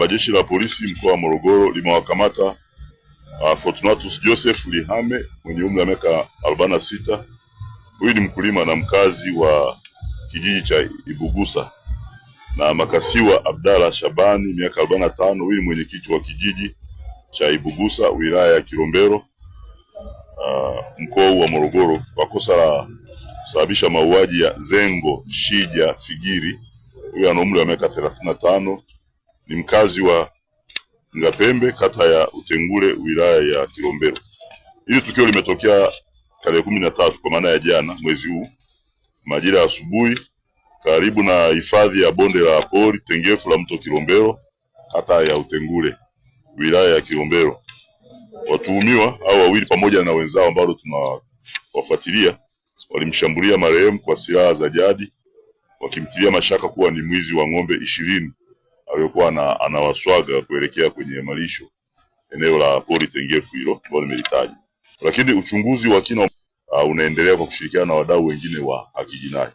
kwamba jeshi la polisi mkoa wa Morogoro limewakamata uh, Fortunatus Joseph Lihame mwenye umri wa miaka arobaini na sita. Huyu ni mkulima na mkazi wa kijiji cha Ibugusa na Makasiwa Abdalla Shabani miaka arobaini na tano. Huyu ni mwenyekiti wa kijiji cha Ibugusa wilaya ya Kilombero uh, mkoa huu wa Morogoro kwa kosa la kusababisha mauaji ya Zengo Shija Figiri. Huyu ana umri wa miaka thelathini na tano ni mkazi wa Ngapembe kata ya Utengule wilaya ya Kilombero. Hili tukio limetokea tarehe kumi na tatu kwa maana ya jana mwezi huu majira ya asubuhi karibu na hifadhi ya bonde la pori tengefu la mto Kilombero kata ya Utengule wilaya ya Kilombero. Watuhumiwa au wawili pamoja na wenzao ambao tunawafuatilia walimshambulia marehemu kwa silaha za jadi wakimtilia mashaka kuwa ni mwizi wa ng'ombe ishirini aliyokuwa anawaswaga kuelekea kwenye malisho eneo la pori tengefu hilo ambalo nimelitaja. Lakini uchunguzi wa kina uh, unaendelea kwa kushirikiana na wadau wengine wa haki jinai.